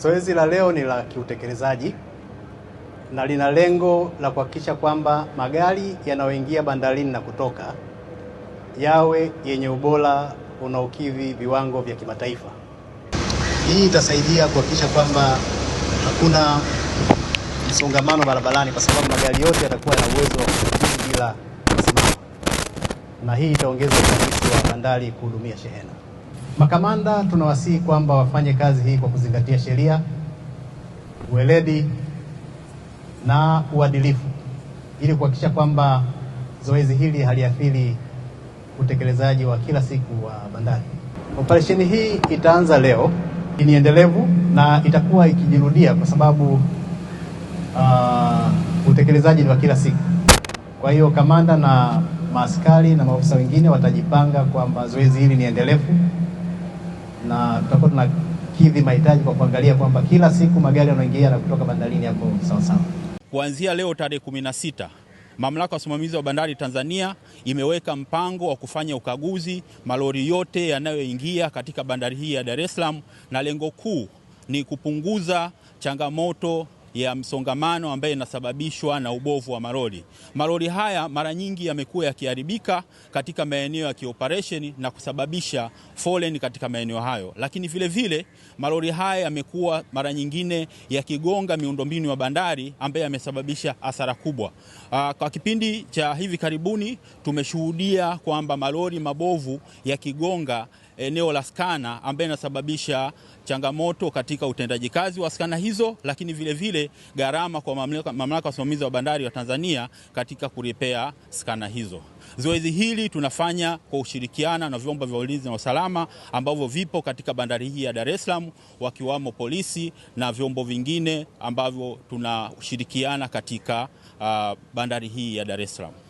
Zoezi la leo ni la kiutekelezaji na lina lengo la kuhakikisha kwamba magari yanayoingia bandarini na kutoka yawe yenye ubora unaokidhi viwango vya kimataifa. Hii itasaidia kuhakikisha kwamba hakuna msongamano barabarani, kwa sababu magari yote yatakuwa na uwezo wa bila kusimama, na hii itaongeza ufanisi wa bandari kuhudumia shehena. Makamanda tunawasihi kwamba wafanye kazi hii kwa kuzingatia sheria, weledi na uadilifu ili kuhakikisha kwamba zoezi hili haliathiri utekelezaji wa kila siku wa bandari. Operesheni hii itaanza leo, ni endelevu na itakuwa ikijirudia kwa sababu uh, utekelezaji ni wa kila siku. Kwa hiyo kamanda na maaskari na maafisa wengine watajipanga kwamba zoezi hili ni endelevu na tutakuwa tunakidhi mahitaji kwa kuangalia kwamba kila siku magari yanaingia na kutoka bandarini yako sawasawa. Kuanzia leo tarehe 16 Mamlaka ya usimamizi wa bandari Tanzania imeweka mpango wa kufanya ukaguzi malori yote yanayoingia katika bandari hii ya Dar es Salaam, na lengo kuu ni kupunguza changamoto ya msongamano ambayo inasababishwa na ubovu wa maroli. Maroli haya mara nyingi yamekuwa yakiharibika katika maeneo ya kioperation na kusababisha foleni katika maeneo hayo, lakini vile vile maroli haya yamekuwa mara nyingine yakigonga miundombinu ya bandari ambayo yamesababisha hasara kubwa. Ah, kwa kipindi cha hivi karibuni tumeshuhudia kwamba malori mabovu yakigonga eneo la skana ambayo inasababisha changamoto katika utendaji kazi wa skana hizo, lakini vilevile gharama kwa mamlaka ya usimamizi wa bandari wa Tanzania katika kuripea skana hizo. Zoezi hili tunafanya kwa ushirikiana na vyombo vya ulinzi na usalama ambavyo vipo katika bandari hii ya Dar es Salaam, wakiwamo polisi na vyombo vingine ambavyo tunashirikiana katika uh, bandari hii ya Dar es Salaam.